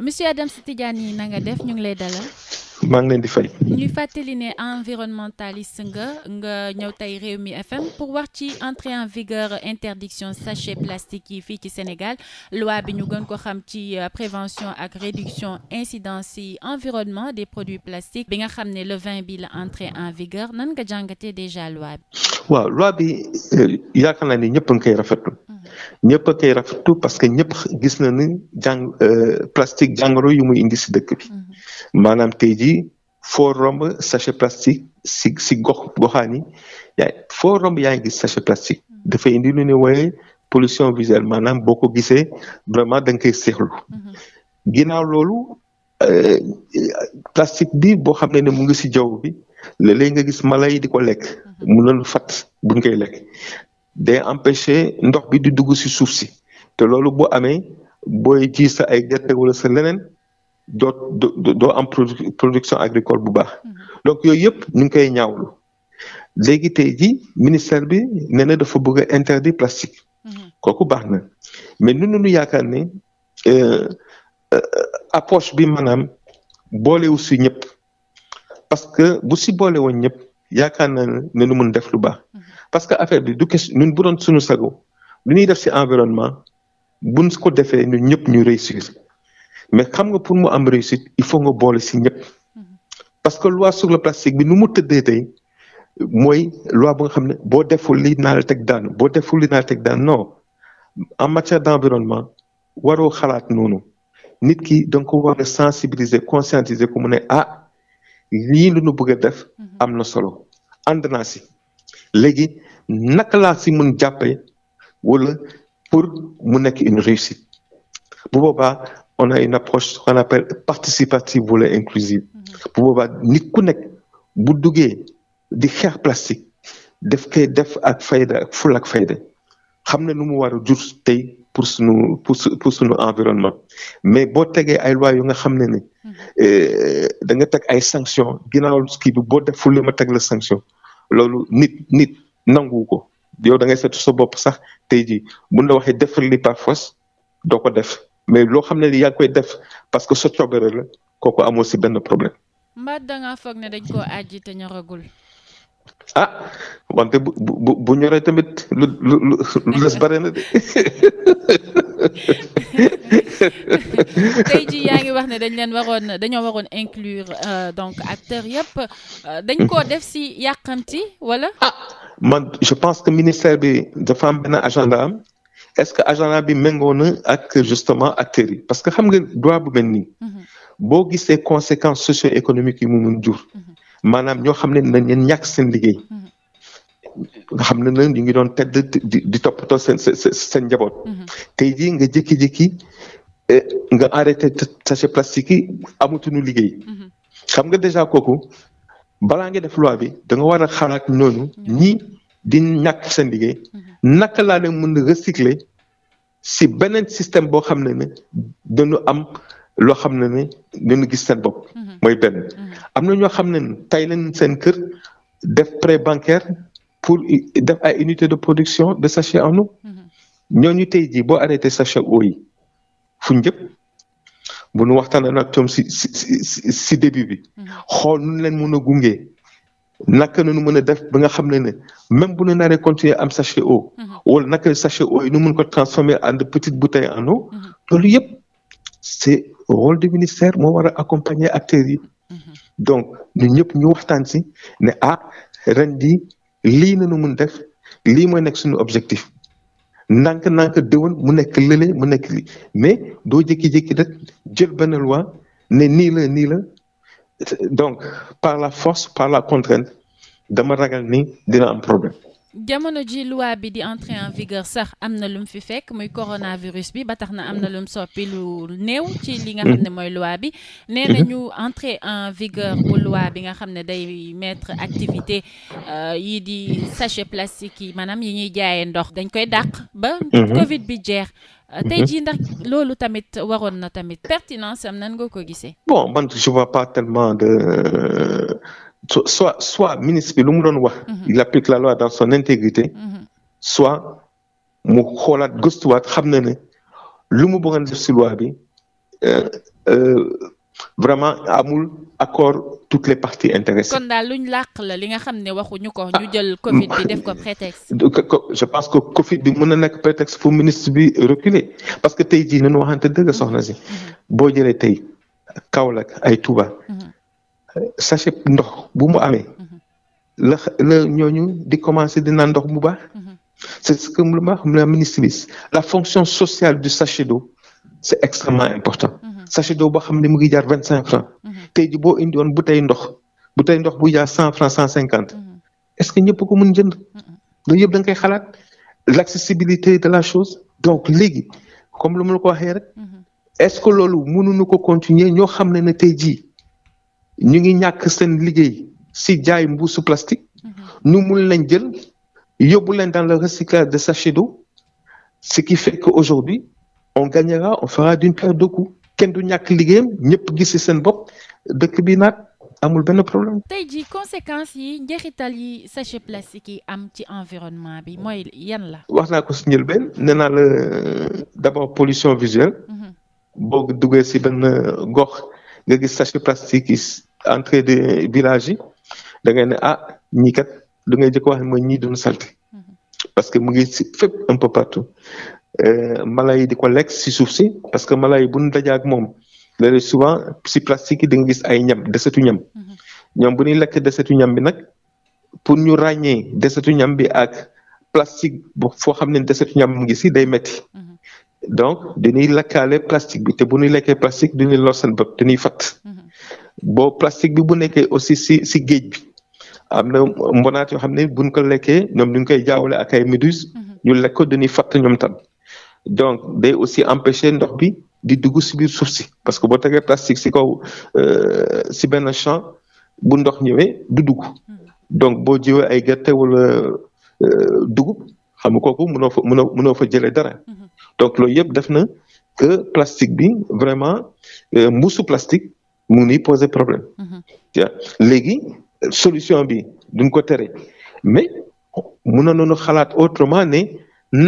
monsieur Adams Tidjani na nga def ñu ngi lay dalal. maa ngi leen di fay. ñuy fàttali ne environnementaliste nga nga ñëw tey mi FM pour wax ci entrée en vigueur interdiction sachet plastique yi fii ci Sénégal loi bi ñu gën ko xam ci euh, prévention ak réduction incidence yi environnement des produits plastiques bi nga xam ne le 20 bi la entrée en vigueur nan nga jàngatee déjà loi bi. waaw loi bi euh, yaakaar naa ni ñëpp a ngi koy rafetlu. ñëpp a koy rafetlu parce que ñëpp gis na ni jàng euh, plastique jàngoro yu muy indi si dëkk bi mm-hmm. maanaam tey jii foo romb sachet plastique si si gox goxaan yi yaa foo yaa gis sachet plastique mm-hmm. dafay indi lu ne wooye polition visuelle maanaam boo ko gisee vraiment da nga koy seexlu mm-hmm. ginnaaw loolu euh, plastique bi boo xam ne ne mu ngi si jaww bi léeg-léeg nga gis mala yi di ko lekk fat buñ koy lekk day empêcher ndox bi di dugg si suuf si te loolu boo amee booy ji sa ay gerte wala sa leneen doo doo am production agricole bu baax mm-hmm. donc yooyu yëpp ñu ngi koy ñaawlu léegi tey ji ministère bi nee na dafa bëgg a interdire plastique mm-hmm. kooku baax na mais ñun ñu yaakaar ne euh, euh, approche bi maanaam boolewu si ñëpp parce que bu si boole woon ñëpp yaakaar na ne lu mun def lu baax. Mm-hmm. parce que affaire bi du question ñun bu doon suñu sago lu ñuy def ci environnement bu buñ ko defee ñun ñëpp ñu réussir mais xam nga pour mu am réussite il faut nga boole si ñëpp parce que loi sur le plastique bi nu mu tëddee tey mooy loi bu nga xam ne boo deful li naa la teg daan boo deful li naa la teg daan non en matière d'environnement waroo xalaat noonu nit ki da nga ko war sensibiliser conscientiser ko mu ne ah lii lu nu bëgg a def mm-hmm. am na solo ànd naa léegi naka laa si mun jàppee wala pour mu nekk une réussite bu boobaa on a une approche qu'on appelle participative wala inclusive mm-hmm. bu boobaa nit ku nekk bu duggee di xeex plastique def koy def ak fayda ak ful ak fayda xam ne nu mu war a jur tey pour sunu pour pour sunu environnement mais boo tegee ay loi yu nga xam ne ne mm-hmm. euh, da nga teg ay sanction ginnaaw kii bi boo deful li ma teg la sanction loolu nit nit nangu ko yow da ngay seetu sa bopp sax tey jii buñ la waxee defal li par force doo ko def mais loo xam ne li yaa ngi koy def parce que sa coobare la kooku amoo si benn problème. mbaa da ngaa foog ne dañ koo àjji te ñoragul. ah wante bu bu bu ñoree tamit lu lu lu lu na de. tey ñuy wax ne dañ leen waroon dañoo waroon inclure euh, donc acteurs yëpp euh, dañ koo mhm. def si yàqamti wala. ah man je pense que ministère bi dafa am benn agenda am est-ce que agenda bi méngoo na ak justement acteurs yi parce que xam nga droit bu mel nii. Mhm. boo gisee conséquence socio-économiques yi mu mun jur. Mhm. maanaam ñoo xam ne dañ leen ñàkk seen liggéey. nga xam ne na ñu ngi doon tedd di di toppatoo seen seen njaboot. tey jii nga jékki-jékki. Eh, nga arrêté sachet plastique yi amatuñu liggéey. Mhm. xam nga déjà kooku balaa nga def loi bi da nga war a xalaat noonu mhm. ñii di ñàkk seen liggéey mhm. naka laa leen mën a recycler si beneen système boo xam ne ne dañu am loo xam ne ne dañu gis seen bopp. mooy benn am na ñoo xam ne ne tey leen seen kër def prêt bancaire pour def ay unité de production de sachet en eau ñooñu tey jii boo arrêté sachet eau fuñ jëm bu nu waxtaanee nag ñoom si si si si début bi mm-hmm. xool nu leen mën a gunge naka nu mën a def ba nga xam ne ne même bu nu naree continuer am sachet eau mm-hmm. wala naka sachet eau yi nu mun ko transformer en de petite bouteille en eau mm-hmm. loolu yëpp c'est rôle du ministère moo war accompagner acteurs yi donc ñun ñëpp ñu waxtaan si ne ah ren jii lii na nu mun def lii mooy nekk suñu objectif. ndànk-ndànk déwén mu nekk lële mu nekk li mais doo jékki-jékki rek jël benn loi ne nii la nii la donc par la force par la contrainte dama ragal ni dina am problème jamono ji loi bi di entrer en vigueur sax am na lu mu fi fekk muy coronavirus bi ba tax na am na lu mu soppi lu néew ci li nga xam ne mooy loi bi nee nañu entrer en vigueur bu loi bi nga xam ne day mettre activité euh, yi di sachet plastique yi maanaam yi ñuy jaayee ndox dañ koy dàq ba mhm. covid bi jeex euh, tey mhm. jii ndax loolu tamit waroon na tamit pertinence am nan nga ko gisee bon man je pas tellement de euh, so soit ministre bi lu mu doon wax mhm. il applique la loi dans son intégrité mhm. mu xoolaat gëstuwaat xam na ne mu bëggoon def si loi bi euh, euh, vraiment amul accord toutes les parties daal luñ làq li nga xam ne waxuñu ko ñu jël Covid bi def ko prétexte. Ah, je pense que Covid bi mën na nekk prétexte pour ministre bi reculer parce que tey jii nañu waxante dëgg soxna si. Mhm. boo jëlee tey Kaolack ay Touba. sachet ndox bu mu amee la la ñooñu di commencé di naan ndox mu baax c'est ce que ma la ministre bi la fonction sociale du sachet d'eau c'est extrêmement important sachet d'eau boo xam ne mu ngi jaar vingt cinq francs tey ji boo indiwoon bouteille ndox bouteille ndox bu jaar cent francs cent cinquante est-ce que ñëpp ko mën jënd loolu yëpp da nga xalaat l'accessibilité de la chose donc léegi comme lu ma la ko continuer ñoo xam ne ne tey jii ñu ngi ñàkk seen liggéey si jaay mbuusu plastique ñu mhm. mun leen jël yobu len dans le recyclage de sachets d'eau ce qui fait que aujourd'hui on gagnera on fera d'une pierre deux coups kenn du ñàkk liggéeyam ñëpp gis si seen bopp dëkk bi naat amul benn problème. tey jii conséquences yi njeexital yi sachet plastique yi am ci environnement bi moy yan la. wax naa ko si njëlbeen nee naa la d'abord pollution visuelle. Mhm. boo duggee si benn gox nga gis sachet plastique entrée de village yi da ngay ne ah ñii kat da ngay jëkk wax ne mooy ñii doon salte parce que mu ngi si fépp un peu partout euh, mala yi di ko lekk si suuf si parce que mala yi bu ñu dajee moom léeg-léeg souvent si plastique yi nga gis ay ñam desetu ñam ñoom bu ñuy lekk desetu ñam bi nag pour ñu ràññee desetu ñam bi ak plastique bo foo xam ne desetu ñam mu ngi si day metti donc dañuy lakkaale plastique bi te bu ñuy lekkee plastique du ñuy lor seen bopp dañuy boo plastique bi bu nekkee aussi si si géej bi am na mbonaat yoo xam ne buñ ko lekkee ñoom ñu ngi koy jaawale ak ay méduse mhm. ñu lekk ko dañuy fatt ñoom tam donc day aussi empêcher ndox bi di dugg si biir suuf si parce que boo tegee plastique si kaw euh, si benn champ bu ndox ñëwee du dugg mhm. donc boo jiwee ay gerte wala euh, dugub xam kooku mënoo fa mënoo mënoo fa jëlee dara mhm. donc loolu yëpp def na que plastique bi vraiment euh, mbuusu plastique. mu ngi poser problème. Mm-hmm. léegi solution bi duñ ko tere mais mënoon nañu xalaat autrement ne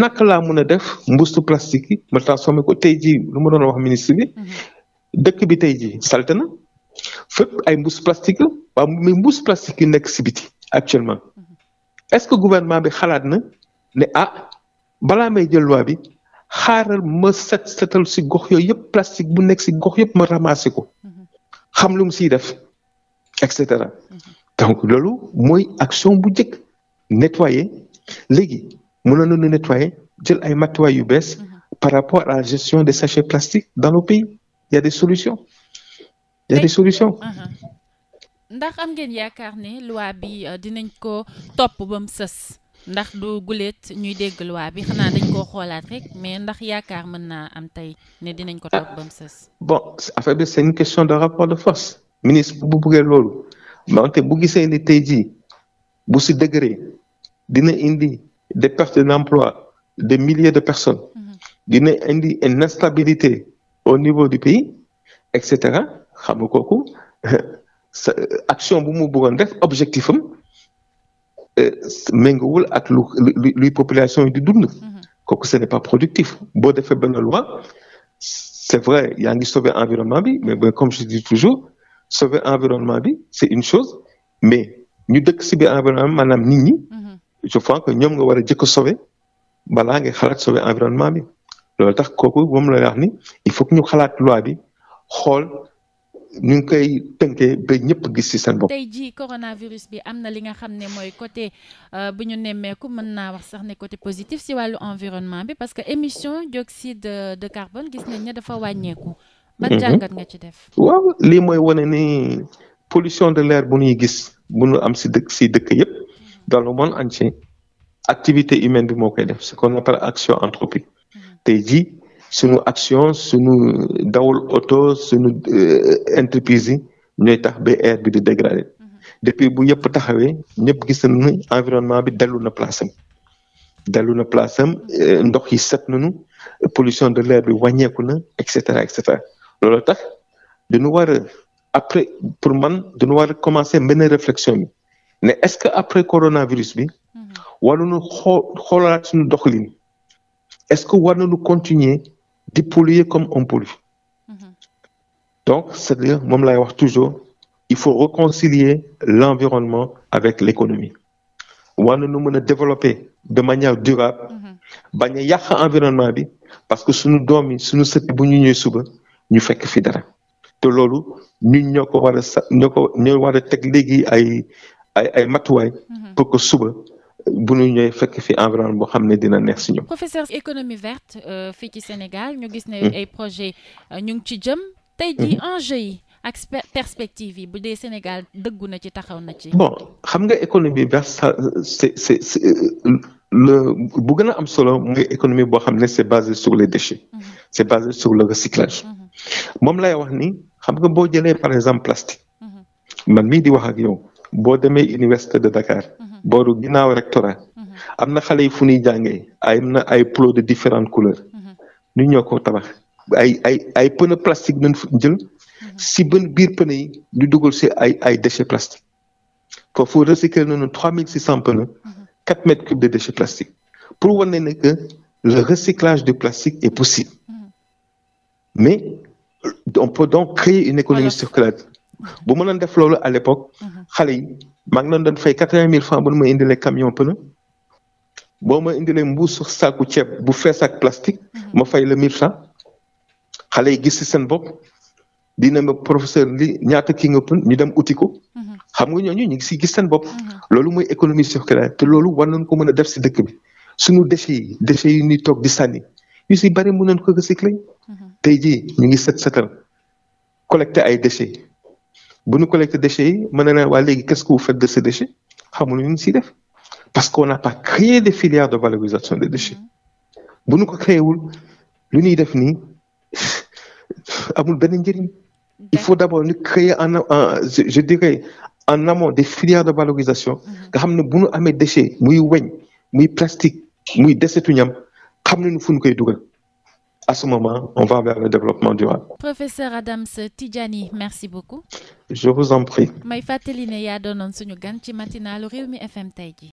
naka laa mën a def mbuusu plastique yi ma transformé ko tey jii lu ma doon wax ministre bi mm-hmm. dëkk bi tey jii salte na ay mbuusu plastique la waaw mais mbuusu nekk si biti actuellement mm-hmm. est-ce que gouvernement bi xalaat na ne ah balaa may jël loi bi xaaral ma set setal si gox yooyu yëpp plastique bu nekk si gox yëpp ma ramassé ko. xam lu si siy def et cetera donc loolu mooy action bu njëkk nettoyer léegi mënoon nañu nettoyer jël ay matuwaay yu bees par rapport à la gestion des sachets plastiques dans nos pays il des solutions il des solutions uh-huh. ndax am ngeen yaakaar ne loi bi euh, dinañ ko topp ba mu sës ndax du guléet ñuy dégg loi bi xanaa dañ koo xoolaat rek mais ndax yaakaar mën naa am tey ne dinañ ko toog ba mu sës. bon affaire bi c'est question de rapport de force ministre bu buggee loolu wante bu gisee ni tey jii bu si degré dina indi des pertes d'emploi des milliers de personnes. Mm-hmm. dina indi une instabilité au niveau du pays et cetera xam nga kooku action bu mu bëggoon def objectif Euh, méngoowul ak lu luy population yi di dund. Mhm. kooku ce n'est pas productif boo defee benn loi c'est vrai yaa ngi sauver environnement bi mais comme je dis toujours sauver environnement bi c'est une chose mais ñu dëkk ci biir environnement maanaam nit ñi. Mhm. je pense que ñoom nga war a jëkk a sauver balaa nga xalaat sauver environnement bi lool tax kooku moom la wax ni il faut que ñu xalaat loi bi xool ñu ngi koy tënkee ba ñëpp gis ci seen bopp. tey jii coronavirus bi am na li nga xam ne mooy côté euh, bu ñu nemmeeku mën naa wax sax ne côté positif si wàllu environnement bi parce que émission dioxyde de carbone gis nañ ne dafa wàññeeku. ban mhm. jàngat nga ci def. waaw lii mooy wane ni pollution de l'air bu ñuy gis bu ñu am si dëkk si dëkk yëpp mhm. dans le monde entier activité humaine bi moo koy def ce qu'on appelle action anthropique mhm. tey jii sunu action sunu dawul oto sunu euh, entreprise yi ñooy tax ba air bi di dégradé mhm. depuis bu yëpp taxawee ñëpp gis nañu ni environnement bi dellu na place am dellu na place am euh, ndox yi set nañu pollution de l'air bi wàññeeku na et cetera et cetera loolu tax dañu war a après pour man dañu war a commencer mën réflexion bi mais est-ce que après coronavirus bi mhm. waruñu xool xoolaat suñu doxalin est-ce que war nañu continuer di polluer comme on pollue mhm. donc cest dire moom lay wax toujours il faut réconcilier l'environnement avec l'économie war na nu mën a développer de manière durable mhm. bañ a yàq environnement bi parce que suñu doom yi suñu sët bu ñu ñëwee suba ñu fekk fi dara te loolu ñu ñoo ko war a sa ko ñoo war teg léegi ay ay ay matuwaay mhm. pour que suba bu ñu ñëwee fekk fi environnement boo xam ne dina neex si ñoom. professeur économie verte euh, fii ci Sénégal ñu gis ne hmm. ay projet euh, ñu ngi ci jëm. tey jii hmm. enjeu yi ak perspective yi bu dee Sénégal dëggu na ci taxaw na ci. bon xam nga économie verte c'est c'est c'est euh, le bu gën a am solo mooy économie boo xam ne c'est basé sur les déchets. Hmm. c'est basé sur le recyclage. moom lay wax ni xam nga boo jëlee par exemple plastique. man mii di wax ak yow boo demee université de Dakar. booru ginnaaw rectorat mhm. am na xale yi fu ñuy jàngee ay na ay plots de différentes couleurs ñu mhm. ñoo ko tabax ay ay ay pneu plastique nañ jël mhm. si bën biir pneu yi di dugal si ay ay déchets plastiques foofu recycler nañu trois mille six cent pneus quatre mètres cubes de déchets plastiques pour wane ne que le recyclage du plastique est possible mais on peut donc créer une économie circulaire bu mënoon def loolu à l'époque xale yi maa ngi doon fay quatre vingt mille francs bu nu ma indile camion pneu boo ma indilee mbuusu saaku ceeb bu fees ak plastique mhm. ma fay la mille francs xale yi gis ci seen bopp dina ma professeur li ñaata ki nga pën ñu dem uti ko mhm. xam nga ñooñu ñu ngi si gis seen bopp mhm. loolu mooy économie circulaire te loolu war nañ ko mën a def si dëkk bi suñu déchets yi déchets yi ñuy toog di sànni yu si bëri mën nañ ko recycler tey jii ñu ngi set setal collecter ay déchets bu ñu collecté déchets yi mën na leen waa léegi qu'est-ce que vous faites de ces déchets xamuñu si def parce qu'on n'a pas créé des filières de valorisation des déchets bu ñu ko créé wul lu ñuy def ni amul benn njëriñ. il faut d'abord ñu créer en en je, je dirais en amont des filières de valorisation. Mm-hmm. nga xam ne bu ñu amee déchet muy weñ muy plastique muy desetu ñam xam nañu fu ñu koy dugal. à ce moment, on va merci beaucoup. Je vous may fàttali ne yaa doonoon suñu gan ci matinalu Rewmi FM tey ji